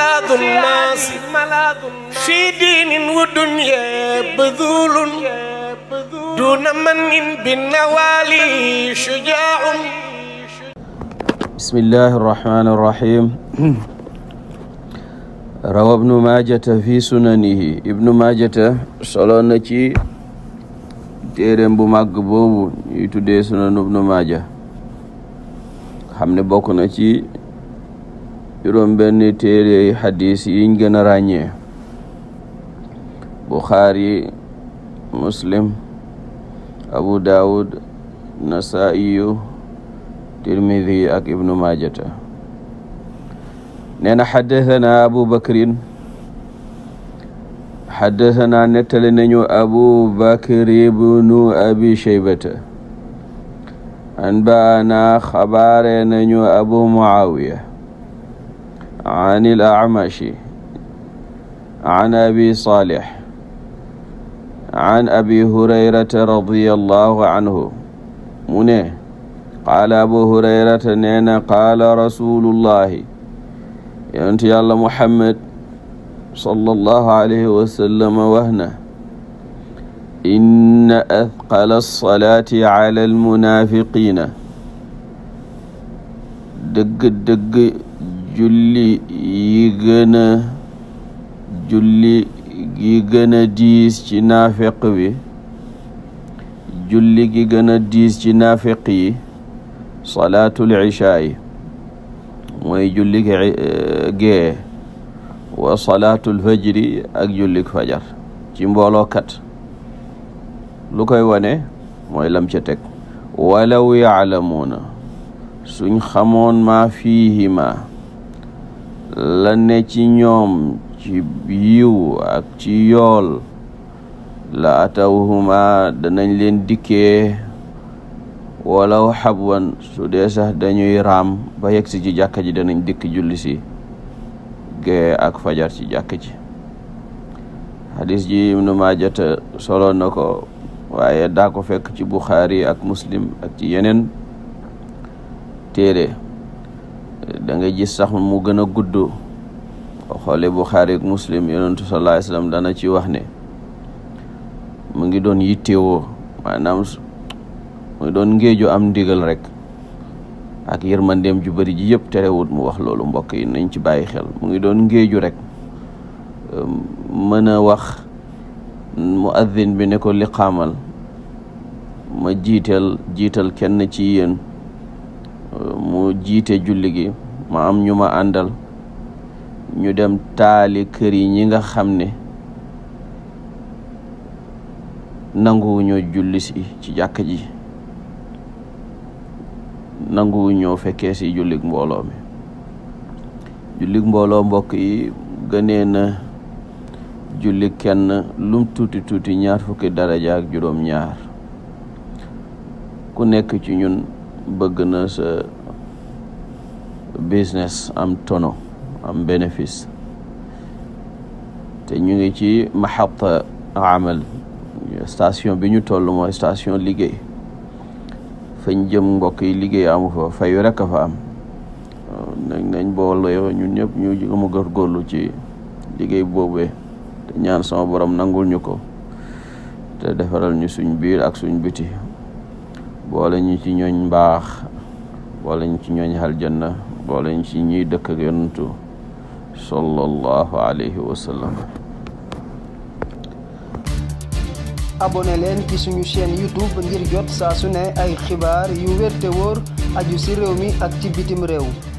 ملاذ الناس في دين ودنيا بذول دون من بالنوالي شجاع بسم الله الرحمن الرحيم روى ابن ماجة في سننه ابن ماجة صلى نتي téeréem bu màgg boobu ñuy tuddee sunanu ibnu maaja xam ne bokk na ci juróom benni téere xadis yiñ gën a ràññee buxaari muslim abu daawud nasaiyu tirmidi ak ibnu maajata nee na xaddasanaa abu bakrin xaddasanaa nettali nañu abu bakri ibnu abi cheybata an baana xabaare nañu abu muawiya عن الأعمش عن أبي صالح عن أبي هريرة رضي الله عنه mu ne qaala abu hurayrata nee na qaala rasulullahi yonent yàlla muhammad sallallahu alayhi wa sallam wax na inna athqala alsalaati ala almunafiqina dëgg dëgg julli yi gën a gën a diis ci naafeq bi julli gi gën a diis yi salaatul ishaa yi mooy julli eh, gee wa salaatul fajri ak jullik fajar ci mboolookat lu koy wane mooy lam ca walaw yaalamuuna suñ xamoon maa fiihima la ne ci ñoom ci yiw ak ci yool la atawhuma danañ leen dikkee walaw xabwan su dee sax dañuy raam ba yegsi ci jàkka ji danañ dikk julli si gee ak fajar ci jàkka ci xadis ji ibnu maajata solo na ko waaye daa fekk ci buxaari ak muslim ak ci yeneen téere danga nga gis sax mu gën a guddoo boo xoolee Buxaari ak Muslim yonentu sallallahu alayhi dana ci wax ne mu ngi doon yittewoo maanaam mu ngi doon ngéeju am ndigal rek ak yërmandeem ju bari ji yëpp terewut mu wax loolu mbokk yi nañ ci bàyyi xel mu ngi doon ngéeju rek um, mën a wax muaddin bi ne ko liqaamal ma jiital jiital kenn ci yéen mu jiite julli gi ma am ñu ma àndal ñu dem taali kër yi ñi nga xam ne nanguwuñoo julli si ci jàkk ji nanguwuñoo fekkee si jullig mbooloo mi jullig mbooloo mbokk yi gënee na julli kenn lum tuuti tuuti ñaar fukki daraja juróom ñaar ku nekk ci ñun bëgg na sa business am tono am bénéfice te ñu ngi ci maxata amal station bi ñu toll mooy station liggéey fañ jëm mbokk yi liggéey amu fa fayu rekk a fa am nañ nañ boole yoo ñun ñëpp ñu gëm a góorgóorlu ci liggéey boobee te ñaan sama borom nangul ñu ko te defaral ñu suñ biir ak suñ biti boole ñu ci ñooñ baax boole ci ñooñ aljanna boole ñu ci ñuy dëkk ak yonantu sallallahu leen ci suñu chaîne youtube ngir jot saa su ne ay xibaar yu wér te wóor aju ci réew mi ak ci bitim réew